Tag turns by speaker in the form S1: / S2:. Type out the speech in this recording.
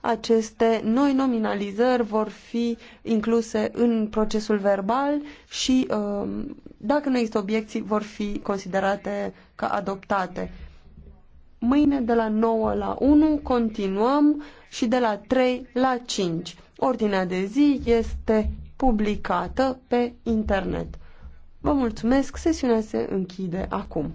S1: aceste noi nominalizări vor fi incluse în procesul verbal și, um, dacă nu există obiecții, vor fi considerate ca adoptate. Mâine de la 9 la 1 continuăm și de la 3 la 5. Ordinea de zi este publicată pe internet. Vă mulțumesc, sesiunea se închide acum.